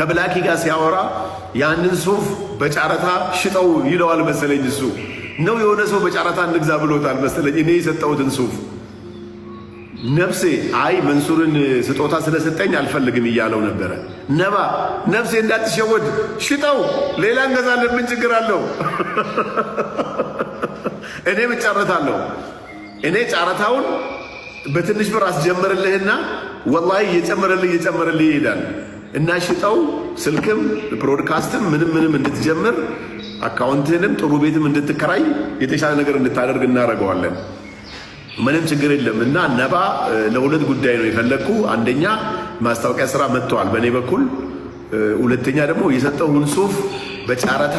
ከብላኪ ጋር ሲያወራ ያንን ሱፍ በጨረታ ሽጠው ይለዋል መሰለኝ። እሱ ነው የሆነ ሰው በጨረታ እንግዛ ብሎታል መሰለኝ። እኔ የሰጠሁትን ሱፍ ነፍሴ አይ መንሱርን ስጦታ ስለሰጠኝ አልፈልግም እያለው ነበረ። ነባ ነፍሴ እንዳትሸወድ ሽጠው ሌላ እንገዛለን፣ ምን ችግር አለው? እኔ እጨርታለሁ። እኔ ጨረታውን በትንሽ ብር አስጀምርልህና ወላሂ እየጨመረልህ እየጨመረልህ ይሄዳል። እናሽጠው ስልክም ብሮድካስትም ምንም ምንም እንድትጀምር አካውንትንም ጥሩ ቤትም እንድትከራይ የተሻለ ነገር እንድታደርግ እናደርገዋለን። ምንም ችግር የለም እና ነባ ለሁለት ጉዳይ ነው የፈለግኩ። አንደኛ ማስታወቂያ ስራ መጥተዋል በእኔ በኩል፣ ሁለተኛ ደግሞ የሰጠውን ጽሁፍ በጨረታ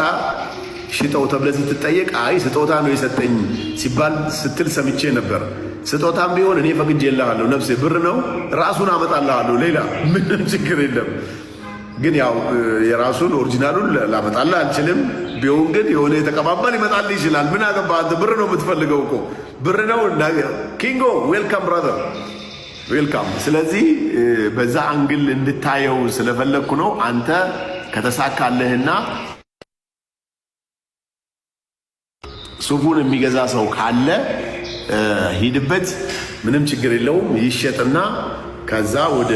ሽጠው ተብለ ስትጠየቅ አይ ስጦታ ነው የሰጠኝ ሲባል ስትል ሰምቼ ነበር። ስጦታም ቢሆን እኔ ፈቅጄልሃለሁ። ነፍሴ ብር ነው ራሱን አመጣልሃለሁ። ሌላ ምንም ችግር የለም። ግን ያው የራሱን ኦሪጂናሉን ላመጣልህ አልችልም። ቢሆን ግን የሆነ የተቀባባል ይመጣልህ ይችላል። ምን አገባ አንተ? ብር ነው የምትፈልገው እኮ ብር ነው። ኪንጎ ዌልካም ብራዘር ዌልካም። ስለዚህ በዛ አንግል እንድታየው ስለፈለግኩ ነው። አንተ ከተሳካልህና ሱፉን የሚገዛ ሰው ካለ ሂድበት፣ ምንም ችግር የለውም ይሸጥና ከዛ ወደ